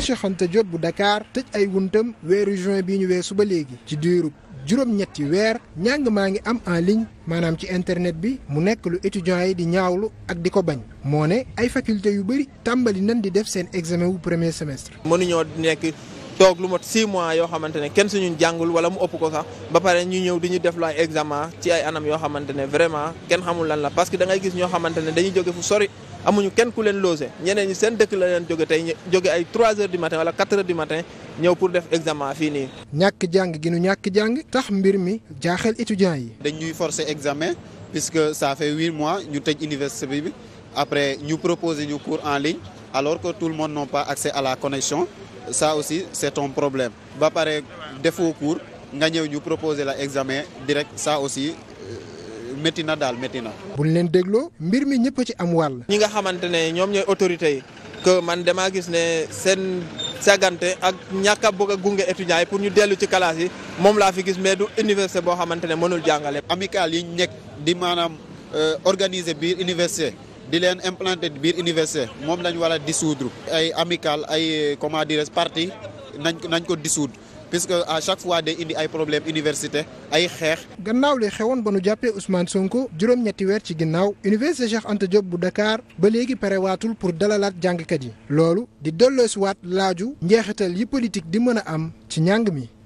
lycée Cheikh Anta bu Dakar tëj ay wuntam weeru juin bii ñu weesu ba léegi ci diirub juróom-ñetti weer njàng maa ngi am en ligne maanaam ci internet bi mu nekk lu étudiants yi di ñaawlu ak di ko bañ moo ne ay faculté yu bëri tàmbali nan di def seen examen wu premier semestre. mënuñoo nekk. toog lu mot 6 mois yoo xamante ne kenn suñu jàngul wala mu ëpp ko sax ba pare ñu ñëw di ñu def lu examen ci ay anam yoo xamante ne vraiment kenn xamul lan la parce que da gis ñoo xamante ne dañuy jóge fu sori amuñu kenn ku leen loose ñeneen ñi seen dëkk la leen jóge tey jóge ay 3 heures du matin wala 4 heures du matin ñëw pour def examen fii nii. ñàkk jàng gi nu ñàkk jàng tax mbir mi jaaxal étudiants yi. dañuy forcer examen puisque ça fait mois ñu tëj université bi après ñu proposer ñu cours en ligne. alors que tout le monde n'a pas accès à la connexion ça aussi c'est un problème ba pare defoo cours nga ñëw ñu proposer la examen direct ça aussi euh, métti na daal métti na. buñ leen dégloo mbir mi ñëpp ci am wàll. ñi nga xamante ne ñoom ñooy autorités yi que man damaa gis ne seen sagante ak ñàkk a bëgg a gunge étudiants yi pour ñu dellu ci classe yi moom laa fi gis mais du université boo xamante ne mënul jàngale. amicale yi ñu nekk di maanaam euh, organiser bi université. di leen implanter biir université moom lañ war a dissoudre ay amicale ay comment dirais parti nañ nañ ko dissoudre puisque à chaque fois day indi ay problème université ay xeex. gannaaw li xewoon ba nu jàppee Ousmane Sonko juróom-ñetti weer ci ginnaaw université Cheikh Anta Diop bu Dakar ba léegi parewaatul pour dalalaat jàngkat yi loolu di delloosiwaat laaju njeexital yi politique di mën a am ci njàng mi.